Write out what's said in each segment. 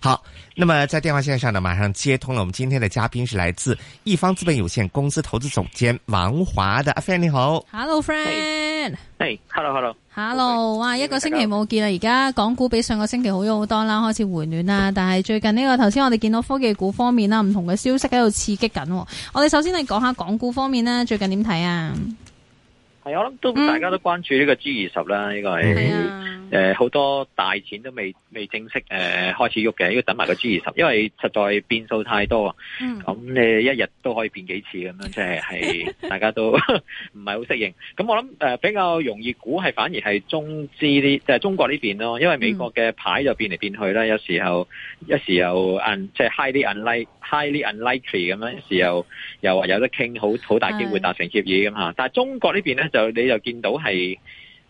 好，那麼在電話線上呢，馬上接通了。我們今天的嘉賓是來自易方資本有限公司投資總監王華的。阿 Fan 你好，Hello friend，h、hey. e、hey. l l o Hello，Hello，hello.、hey. 哇，hey. 一個星期冇見啦，而家港股比上個星期好咗好多啦，開始回暖啦。但係最近呢、這個頭先我哋見到科技股方面啦，唔同嘅消息喺度刺激緊。我哋首先嚟講下港股方面呢，最近點睇啊？係、hey, 我諗都大家都關注呢個 G 二十啦，呢個係。嗯嗯誒、呃，好多大錢都未未正式誒、呃、開始喐嘅，要等埋個 G 二十，因為實在變數太多啊。咁、嗯、你、嗯、一日都可以變幾次咁樣，即、就、係、是、 大家都唔係好適應。咁我諗、呃、比較容易估係反而係中資啲誒、就是、中國呢邊咯，因為美國嘅牌就變嚟變去啦、嗯，有時候有時候即係 highly unlikely，highly unlikely 咁樣，有時候又話有得傾，好好大機會達成協議咁。但係中國這邊呢邊咧就你就見到係。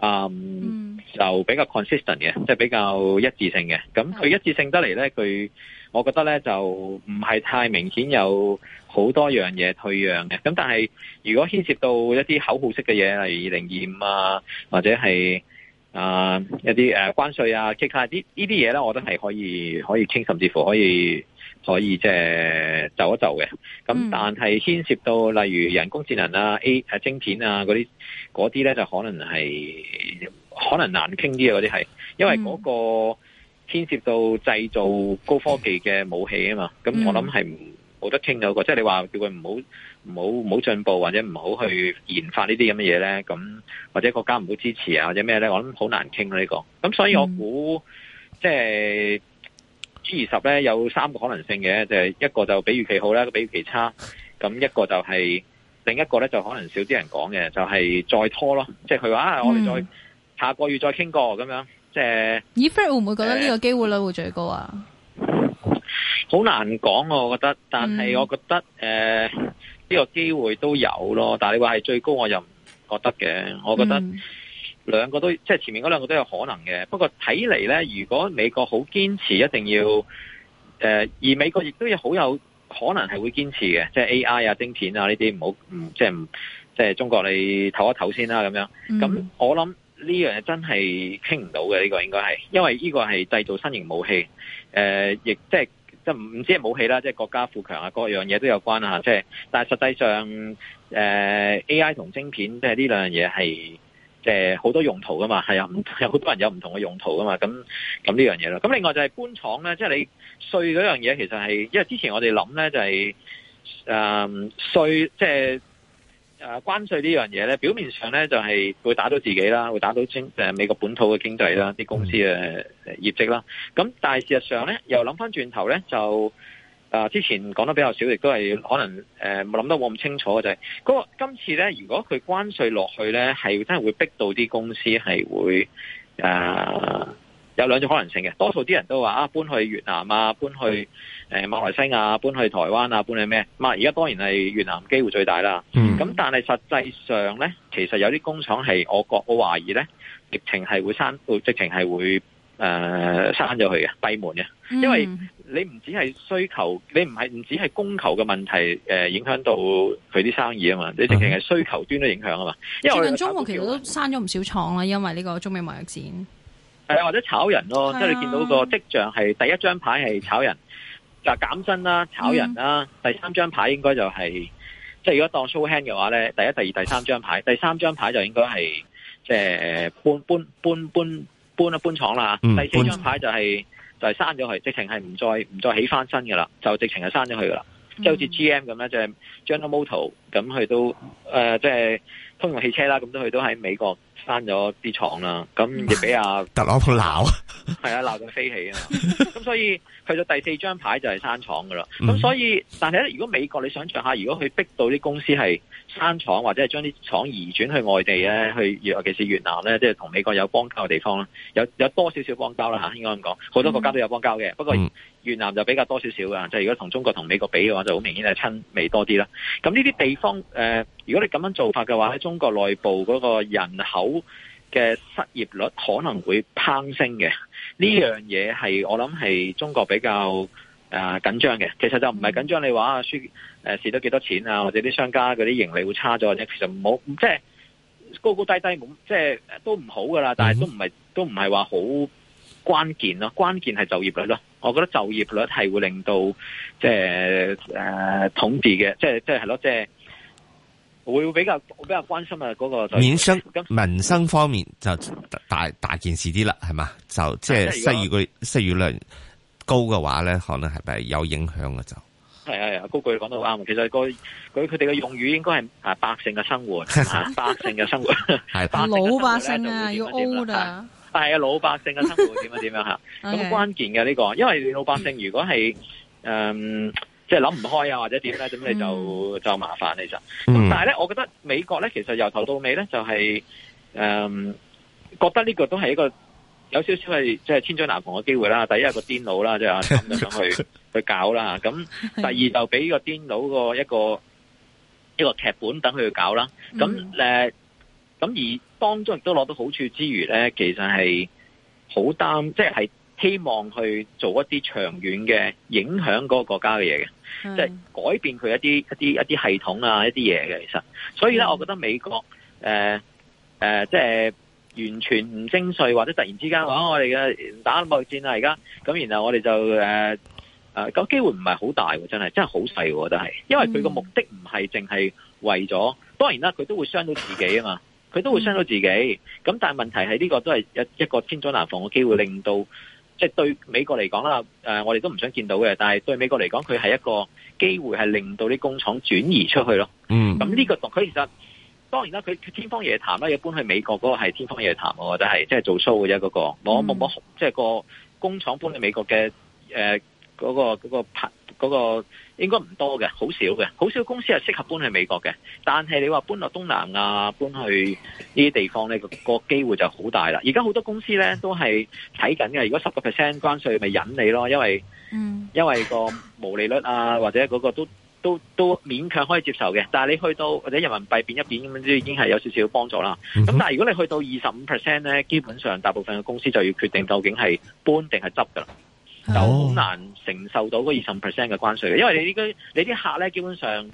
嗯、um，就比較 consistent 嘅，即、就、係、是、比較一致性嘅。咁佢一致性得嚟咧，佢我覺得咧就唔係太明顯有好多樣嘢退讓嘅。咁但係如果牽涉到一啲口號式嘅嘢，例如二零二五啊，或者係啊、呃、一啲關稅啊、其他啲呢啲嘢咧，我都係可以可以傾，甚至乎可以。可以即係就一就嘅，咁但係牽涉到例如人工智能、嗯、啊、A 誒晶片啊嗰啲嗰啲咧就可能係可能難傾啲啊嗰啲係，因為嗰個牽涉到製造高科技嘅武器啊嘛，咁、嗯、我諗係冇得傾到一個，嗯、即係你話叫佢唔好唔好唔好進步或者唔好去研發這些呢啲咁嘅嘢咧，咁或者國家唔好支持啊或者咩咧，我諗好難傾呢、啊這個，咁所以我估、嗯、即係。二十咧有三個可能性嘅，就係一個就比喻期好啦，比喻期差，咁一個就係、是、另一個咧就可能少啲人講嘅，就係、是、再拖咯，即係佢話啊，我哋再、嗯、下個月再傾過咁樣，即、就、係、是。以 f 會唔會覺得呢個機會率會最高啊？好難講，我覺得，但係我覺得誒呢、呃這個機會都有咯，但係你話係最高，我又唔覺得嘅，我覺得。嗯兩個都即係前面嗰兩個都有可能嘅，不過睇嚟呢，如果美國好堅持，一定要誒、呃，而美國亦都有好有可能係會堅持嘅，即係 A I 啊、晶片啊呢啲唔好，唔即係即係中國你唞一唞先啦咁樣。咁、嗯、我諗呢樣嘢真係傾唔到嘅呢、呢個應該係，因為呢個係製造新型武器，誒亦即係即係唔知係武器啦，即係國家富強啊，各樣嘢都有關啊，即係但係實際上誒、呃、A I 同晶片即係呢兩樣嘢係。誒好多用途噶嘛，係啊，有好多人有唔同嘅用途噶嘛，咁咁呢樣嘢啦。咁另外就係官廠咧，即係你稅嗰樣嘢，其實係因為之前我哋諗咧就係誒稅，即係誒關稅呢樣嘢咧，表面上咧就係會打到自己啦，會打到美國本土嘅經濟啦，啲公司嘅業績啦。咁但係事實上咧，又諗翻轉頭咧就。啊！之前講得比較少，亦都係可能誒冇諗得冇咁清楚嘅就係、是、嗰、那個今次咧，如果佢關稅落去咧，係真係會逼到啲公司係會誒、呃、有兩種可能性嘅。多數啲人都話啊，搬去越南啊，搬去誒、呃、馬來西亞，搬去台灣啊，搬去咩？咁啊，而家當然係越南機會最大啦。咁、嗯、但係實際上咧，其實有啲工廠係我覺我懷疑咧，直情係會閂，直情係會誒閂咗去嘅閉門嘅，因為。嗯你唔只係需求，你唔係唔只係供求嘅問題，誒影響到佢啲生意啊嘛！你淨係係需求端都影響啊嘛！最近中國其實都刪咗唔少廠啦，因為呢個中美貿易戰。係啊，或者炒人咯、啊，即係你見到個跡象係第一張牌係炒人，就係、減薪啦、炒人啦、嗯。第三張牌應該就係、是，即係如果當 show hand 嘅話咧，第一、第二、第三張牌，第三張牌就應該係即係搬搬搬搬搬一搬，搬廠啦、嗯。第四張牌就係、是。就係刪咗佢，直情係唔再唔再起翻身噶啦，就直情係刪咗佢噶啦，即係好似 GM 咁咧，就係將啲 motor 咁佢都誒，即、呃、係。就是通用汽車啦，咁都佢都喺美國閂咗啲廠啦，咁亦俾阿特朗普鬧，係 啊鬧到飛起啊！咁 所以去到第四張牌就係閂廠噶啦。咁所以，但係咧，如果美國你想像下，如果佢逼到啲公司係閂廠或者係將啲廠移轉去外地咧，去尤其是越南咧，即係同美國有邦交嘅地方啦，有有多少少邦交啦吓，應該咁講，好多國家都有邦交嘅，不過越南就比較多少少嘅，即 係如果同中國同美國比嘅話，就好明顯係親美多啲啦。咁呢啲地方、呃如果你咁樣做法嘅話，喺中國內部嗰個人口嘅失業率可能會攀升嘅。呢樣嘢係我諗係中國比較緊、呃、緊張嘅。其實就唔係緊張你話啊輸誒蝕咗幾多少錢啊，或者啲商家嗰啲盈利會差咗或者，其實唔好，即係高高低低即係都唔好噶啦。但係都唔係都唔係話好關鍵咯。關鍵係就業率咯。我覺得就業率係會令到即係誒、呃、統治嘅。即係即係係咯，即係。會會比較會比較關心啊，嗰個民生民生方面就大 大，大件事啲啦，係嘛？就即係失業率失業率高嘅話咧，可能係咪有影響嘅就係啊，係、啊、高句講得好啱，其實個佢佢哋嘅用語應該係啊百姓嘅生活， 百姓嘅生活係 老百姓啊，要烏啊但係啊，老百姓嘅生活點樣點樣吓？咁、 okay. okay. 關鍵嘅呢個，因為老百姓如果係誒。嗯即係諗唔開啊，或者點咧，咁你就就麻煩你就。嗯就你就嗯、但係咧，我覺得美國咧，其實由頭到尾咧，就係、是、誒、嗯，覺得呢個都係一個有少少係即係千載難逢嘅機會啦。第一個癲佬啦，即係諗到想去 去搞啦。咁第二就俾個癲佬個一個一個劇本等佢去搞啦。咁、嗯、誒，咁而當中亦都攞到好處之餘咧，其實係好擔，即、就、係、是、希望去做一啲長遠嘅影響嗰個國家嘅嘢嘅。即、就、係、是、改變佢一啲一啲一啲系統啊一啲嘢嘅，其實，所以咧，我覺得美國誒誒，即、嗯、係、呃呃就是、完全唔徵稅或者突然之間話、嗯、我哋嘅打貿易戰啊，而家咁，然後我哋就誒誒，個、呃、機、啊、會唔係好大，真係真係好細，但係因為佢個目的唔係淨係為咗，當然啦，佢都會傷到自己啊嘛，佢都會傷到自己，咁、嗯、但係問題係呢、這個都係一一個千載難逢嘅機會，令到。即、就、係、是、對美國嚟講啦，誒、呃，我哋都唔想見到嘅，但係對美國嚟講，佢係一個機會，係令到啲工廠轉移出去咯。嗯，咁呢、這個當佢其實當然啦，佢天方夜譚啦，一般去美國嗰個係天方夜譚，我覺得係即係做 show 嘅啫，嗰、那個冇冇冇，即、那、係個、嗯就是、工廠搬去美國嘅，誒、呃，嗰、那個、那個、那個嗰、嗰個應該唔多嘅，好少嘅，好少公司係適合搬去美國嘅。但係你話搬落東南亞、啊、搬去呢啲地方咧，個機會就好大啦。而家好多公司呢都係睇緊嘅。如果十個 percent 關稅，咪引你咯，因為、嗯、因為個毛利率啊，或者嗰個都都都,都勉強可以接受嘅。但係你去到或者人民幣變一變咁樣，都已經係有少少幫助啦。咁但係如果你去到二十五 percent 呢，基本上大部分嘅公司就要決定究竟係搬定係執噶啦。Oh. 就好難承受到嗰二十 percent 嘅關稅，因為你呢啲你啲客咧，基本上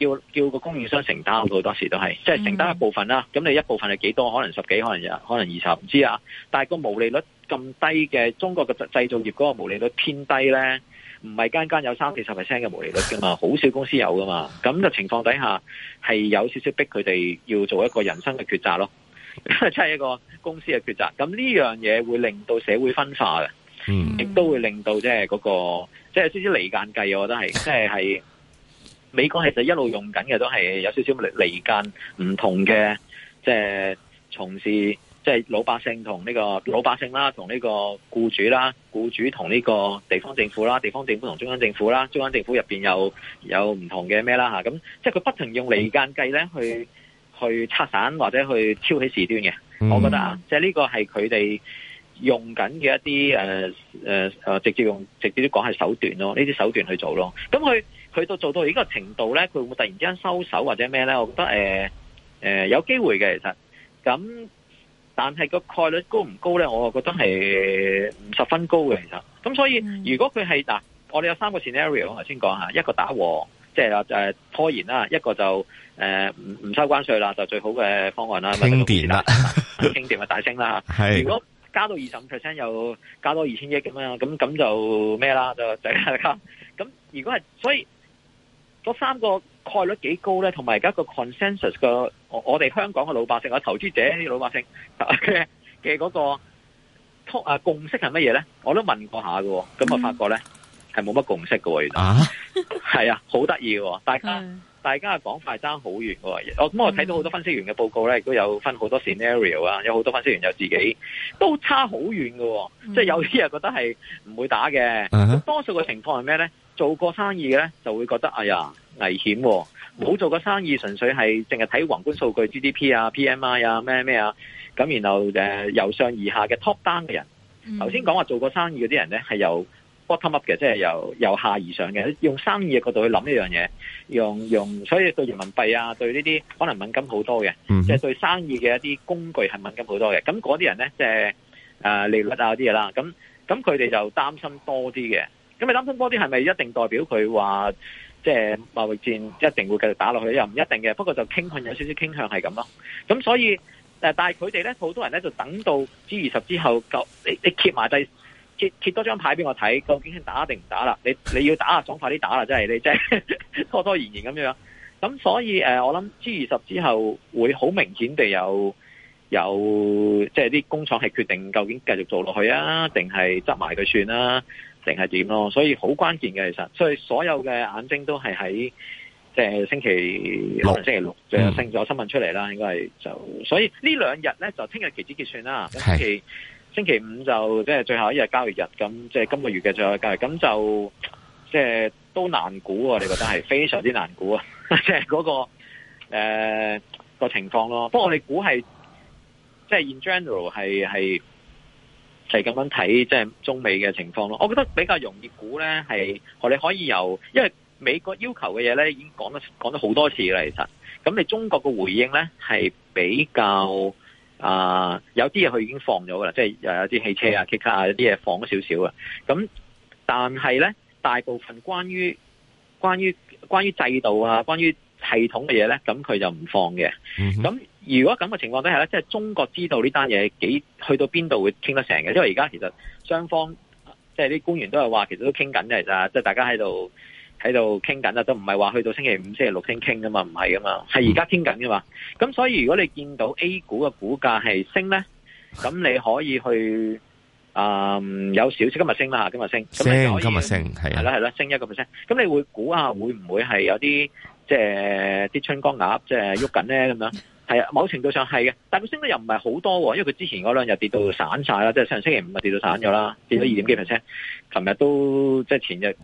叫叫個供應商承擔好多時都係，即係承擔一部分啦。咁、mm. 你一部分係幾多？可能十幾，可能又可能二十，唔知啊。但係個毛利率咁低嘅，中國嘅製造業嗰個毛利率偏低咧，唔係間間有三四十 percent 嘅毛利率噶嘛，好少公司有噶嘛。咁嘅情況底下，係有少少逼佢哋要做一個人生嘅抉擇咯，即 係一個公司嘅抉擇。咁呢樣嘢會令到社會分化嘅。嗯，亦都會令到即係嗰個，即係少少離間計，我覺得係，即係係美國其實一路用緊嘅都係有少少離離間唔同嘅，即係從事，即係老百姓同呢個老百姓啦，同呢個僱主啦，僱主同呢個地方政府啦，地方政府同中央政府啦，中央政府入邊又有唔同嘅咩啦吓，咁即係佢不停用離間計咧去、嗯、去拆散或者去挑起事端嘅，我覺得啊，即係呢個係佢哋。用緊嘅一啲誒誒誒直接用直接啲講係手段咯，呢啲手段去做咯。咁佢佢到做到呢個程度咧，佢會唔會突然之間收手或者咩咧？我覺得誒誒、呃呃、有機會嘅其實。咁、嗯、但係個概率高唔高咧？我又覺得係唔十分高嘅其實。咁、嗯、所以如果佢係嗱，我哋有三個 scenario 我頭先講吓一個打和，即係誒、就是、拖延啦；一個就誒唔唔收關稅啦，就最好嘅方案啦。傾掂啦，傾掂啊，大升啦。係如果。加到二十五 percent 又加多二千億咁啊，咁咁就咩啦？就大家咁，如果係所以嗰三個概率幾高咧？同埋而家個 consensus 個我哋香港嘅老百姓啊，投資者、啲老百姓嘅嘅嗰個啊共識係乜嘢咧？我都問過下㗎，咁啊發覺咧係冇乜共識㗎喎，而家係啊，好得意㗎喎，大家。 大家嘅講快爭好遠喎。我咁我睇到好多分析員嘅報告咧，亦都有分好多 scenario 啊，有好多分析員就自己都差好遠喎。即係有啲人覺得係唔會打嘅，多數嘅情況係咩咧？做過生意嘅咧就會覺得哎呀危險、哦，好做過生意，純粹係淨係睇宏觀數據 GDP 啊、PMI 啊咩咩啊，咁然後誒、呃、由上而下嘅 top 單嘅人，頭先講話做過生意嗰啲人咧係有。bottom up 嘅，即係由由下而上嘅。用生意嘅角度去諗呢樣嘢，用用，所以對人民幣啊，對呢啲可能敏感好多嘅，嗯、即係對生意嘅一啲工具係敏感好多嘅。咁嗰啲人咧，即係啊利率啊啲嘢啦。咁咁佢哋就擔心多啲嘅。咁你擔心多啲，係咪一定代表佢話即係貿易戰一定會繼續打落去？又唔一定嘅。不過就傾向有少少傾向係咁咯。咁所以誒、呃，但係佢哋咧，好多人咧就等到 G20 之後，夠你你 keep 埋低。揭,揭多張牌俾我睇，究竟係打定唔打啦？你你要打啊，爽快啲打啦，真係你真 拖拖延延咁樣。咁所以誒、呃，我諗 G 二十之後會好明顯地有有即係啲工廠係決定究竟繼續做落去啊，定係執埋佢算啦、啊，定係點咯？所以好關鍵嘅其實，所以所有嘅眼睛都係喺即係星期六、星期六就升咗新聞出嚟啦。應該係就所以兩呢兩日咧，就聽日、啊、期指結算啦。係。星期五就即係最後一日交易日，咁即係今個月嘅最後一交易日，咁就即係都難估。我哋覺得係非常之難估啊！即係嗰個誒、呃嗰個情況咯。不過我哋估係即係 in general 係係係咁樣睇，即係中美嘅情況咯。我覺得比較容易估呢係我哋可以由，因為美國要求嘅嘢呢，已經講得講咗好多次啦。其實，咁你中國嘅回應呢係比較。啊，有啲嘢佢已經放咗㗎喇，即係又有啲汽車啊、機卡啊，有啲嘢放咗少少啊。咁但係咧，大部分關於關於關於制度啊、關於系統嘅嘢咧，咁佢就唔放嘅。咁、嗯、如果咁嘅情況底下咧，即係中國知道呢單嘢幾去到邊度會傾得成嘅，因為而家其實雙方即係啲官員都係話，其實都傾緊嘅其實，即係大家喺度。喺度傾緊啦，都唔係話去到星期五、星期六先傾噶嘛，唔係噶嘛，係而家傾緊噶嘛。咁、嗯、所以如果你見到 A 股嘅股價係升咧，咁你可以去，嗯，有少少今日升啦，今日升，今日升，係啊，係啦，係啦，升一個 percent。咁你會估下會唔會係有啲即係啲春江鴨即係喐緊咧咁樣？係啊，某程度上係嘅，但係佢升得又唔係好多喎，因為佢之前嗰兩日跌到散晒啦，即係上星期五啊跌到散咗啦，跌到二點幾 percent。琴日都即係前日。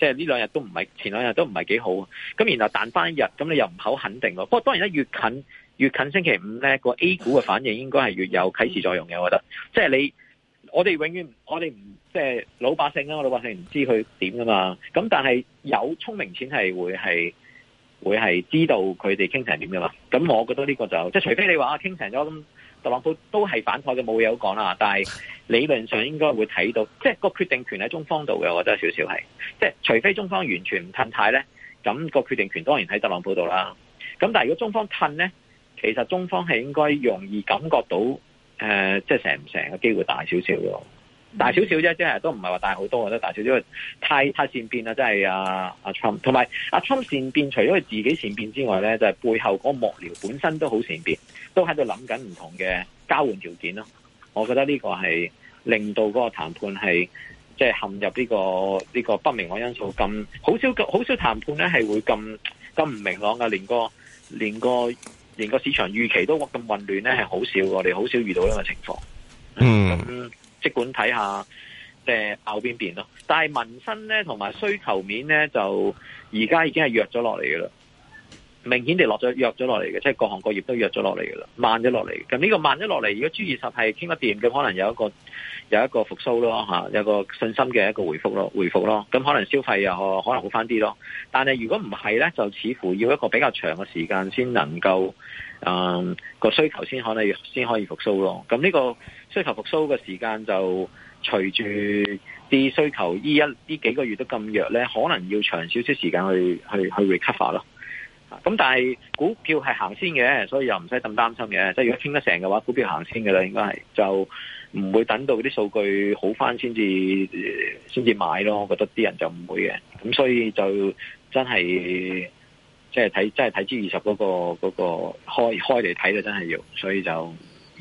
即係呢兩日都唔係前兩日都唔係幾好，咁然後彈翻一日，咁你又唔好肯定。不過當然咧，越近越近星期五咧，個 A 股嘅反應應該係越有啟示作用嘅。我覺得，即係你我哋永遠我哋唔即係老百姓啊，老百姓唔知佢點噶嘛。咁但係有聰明錢係會係會係知道佢哋傾成點噶嘛。咁我覺得呢個就即係除非你話傾、啊、成咗咁。特朗普都係反對嘅，冇嘢好講啦。但係理論上應該會睇到，即係個決定權喺中方度嘅，我覺得少少係。即係除非中方完全唔褪軚咧，咁、那個決定權當然喺特朗普度啦。咁但係如果中方褪咧，其實中方係應該容易感覺到，誒、呃，即係成唔成嘅機會大少少嘅。大少少啫，即係都唔係話大好多，我覺得大少少。太太善變啦，真係啊阿 Trump 同埋阿 Trump 善變，除咗佢自己善變之外咧，就係背後嗰幕僚本身都好善變，都喺度諗緊唔同嘅交換條件咯。我覺得呢個係令到嗰個談判係即係陷入呢個呢個不明朗因素咁，好少好少談判咧係會咁咁唔明朗噶，連個連個連個市場預期都咁混亂咧，係好少我哋好少遇到呢個情況。嗯。即管睇下，即係拗邊邊咯。但係民生咧，同埋需求面咧，就而家已經係弱咗落嚟嘅啦。明顯地落咗弱咗落嚟嘅，即係、就是、各行各業都弱咗落嚟嘅啦，慢咗落嚟。咁呢個慢咗落嚟，如果 G 二十係傾一掂，咁可能有一個有一個復蘇咯吓、啊，有個信心嘅一個回復咯，回復咯。咁可能消費又可能好翻啲咯。但係如果唔係咧，就似乎要一個比較長嘅時間先能夠，嗯，個需求先可能先可以復蘇咯。咁呢、個。需求復蘇嘅時間就隨住啲需求依一依幾個月都咁弱咧，可能要長少少時間去去去 recover 咯。咁但係股票係行先嘅，所以又唔使咁擔心嘅。即係如果傾得成嘅話，股票行先嘅啦，應該係就唔會等到啲數據好翻先至先至買咯。我覺得啲人就唔會嘅。咁所以就真係即係睇真係睇 G20 嗰個嗰個開開嚟睇就真係要，所以就。.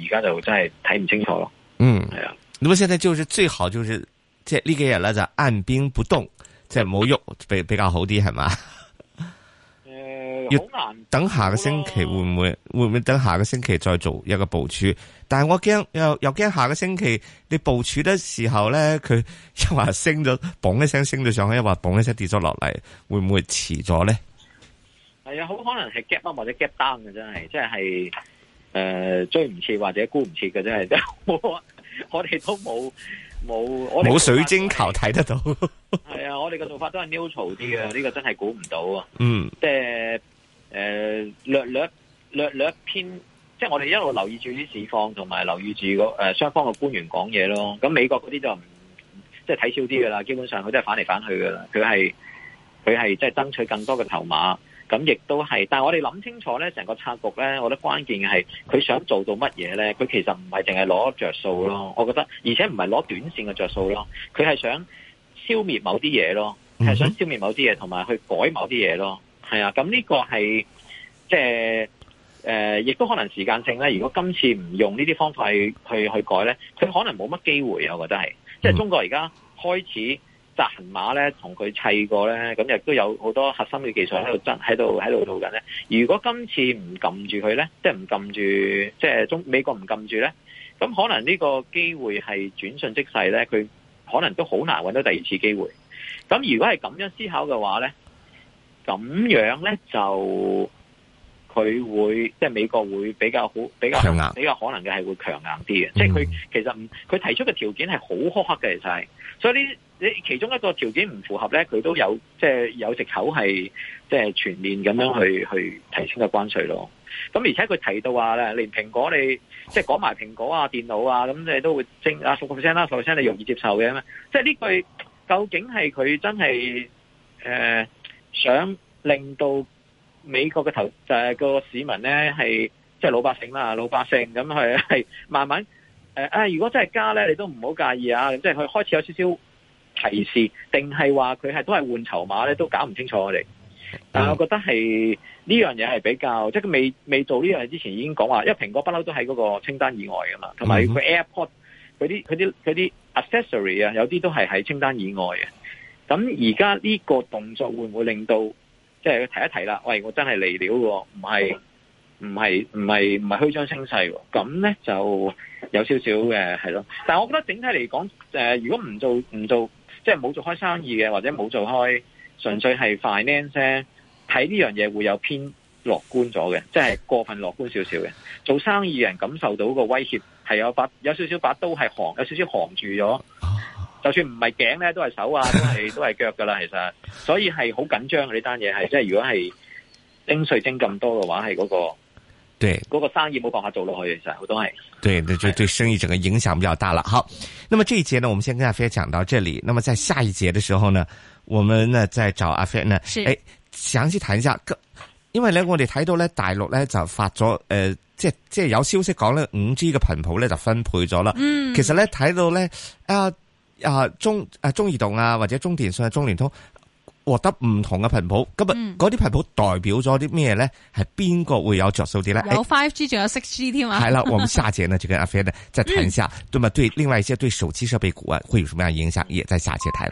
而家就真係睇唔清楚咯。嗯，係啊。咁啊，現在就是最好就是即係呢幾日咧，就按、是、兵不動，即係冇喐，比比較好啲，係嘛？誒、呃，好 難、嗯。等下個星期、呃、會唔會、嗯、會，會？會唔會等下個星期再做一個部署？但係我驚又又驚下個星期你部署嘅時候咧，佢又話升咗，嘣一聲升咗上去，又話嘣一聲跌咗落嚟，會唔會遲咗咧？係、哎、啊，好可能係 gap up 或者 gap down 嘅，真係，即係。誒、呃，追唔切或者估唔切嘅，真係，我哋都冇冇，我哋冇水晶球睇得到。係 啊，我哋嘅做法都係 neutral 啲嘅，呢、這個真係估唔到啊。嗯，即係誒，略略略略偏，即係我哋一路留意住啲市況，同埋留意住個誒雙方嘅官員講嘢咯。咁美國嗰啲就唔即係睇少啲噶啦，基本上佢都係反嚟反去噶啦，佢係佢係即係爭取更多嘅籌碼。咁亦都係，但係我哋諗清楚咧，成個策局咧，我覺得關鍵係佢想做到乜嘢咧？佢其實唔係淨係攞着數咯，我覺得，而且唔係攞短線嘅着數咯，佢係想消滅某啲嘢咯，係、mm-hmm. 想消滅某啲嘢，同埋去改某啲嘢咯，係啊，咁呢個係即係誒，亦、就是呃、都可能時間性咧。如果今次唔用呢啲方法去去去改咧，佢可能冇乜機會啊。我覺得係，即、就、係、是、中國而家開始。達行馬咧，同佢砌過咧，咁亦都有好多核心嘅技術喺度，真喺度喺度做緊咧。如果今次唔撳住佢咧，即係唔撳住，即係中美國唔撳住咧，咁可能呢個機會係轉瞬即逝咧，佢可能都好難搵到第二次機會。咁如果係咁樣思考嘅話咧，咁樣咧就佢會即係美國會比較好，比較強硬，比較可能嘅係會強硬啲嘅、嗯。即係佢其實唔，佢提出嘅條件係好苛刻嘅，其實係，所以呢。你其中一個條件唔符合咧，佢都有即係、就是、有藉口係即係全面咁樣去去提升個關稅咯。咁而且佢提到話咧，連蘋果你即係講埋蘋果啊、電腦啊，咁你都會升啊，十個 percent 啦，十個 percent 你容易接受嘅咩？即係呢句究竟係佢真係誒、呃、想令到美國嘅投就係、啊、個市民咧係即係老百姓啦，老百姓咁佢係慢慢、呃、如果真係加咧，你都唔好介意啊！即係佢開始有少少。提示定係話佢係都係換籌碼咧，都搞唔清楚我哋。但係我覺得係呢、mm-hmm. 樣嘢係比較，即係佢未未做呢樣嘢之前已經講話，因為蘋果不嬲都喺嗰個清單以外噶嘛，同埋佢 AirPod 佢啲佢啲佢啲 accessory 啊，有啲都係喺清單以外嘅。咁而家呢個動作會唔會令到即係、就是、提一提啦？喂，我真係嚟料喎，唔係唔係唔係唔係虛張聲勢喎。咁咧就有少少嘅係咯。但係我覺得整體嚟講，誒，如果唔做唔做。即係冇做開生意嘅，或者冇做開純粹 finance，純粹係 finance 睇呢樣嘢，會有偏樂觀咗嘅，即係過分樂觀少少嘅。做生意人感受到個威脅，係有把有少少把刀係行，有少少行住咗。就算唔係頸咧，都係手啊，都係都係腳噶啦。其實，所以係好緊張呢單嘢，係即係如果係徵稅徵咁多嘅話，係嗰個。對，嗰個生意冇辦法做落去其實，好多係。對，就對生意整個影響比較大啦。好，那麼這一節呢，我們先跟阿飛講到這裏。那麼在下一節的時候呢，我們呢再找阿飛呢，誒，誒詳細談一下。因為咧，我哋睇到咧，大陸咧就發咗誒，即係即係有消息講咧，五 G 嘅頻譜咧就分配咗啦。嗯，其實咧睇到咧，啊啊中啊中移動啊或者中電信、中聯通。獲得唔同嘅頻譜，咁啊，嗰啲頻譜代表咗啲咩咧？係邊個會有着數啲咧？有 five G，仲有 six G 添啊！係 啦，我哋下節呢就跟阿飛咧，再談一下，咁啊，對？另外一些對手機設備股啊，會有什麼樣影響？也在下節談。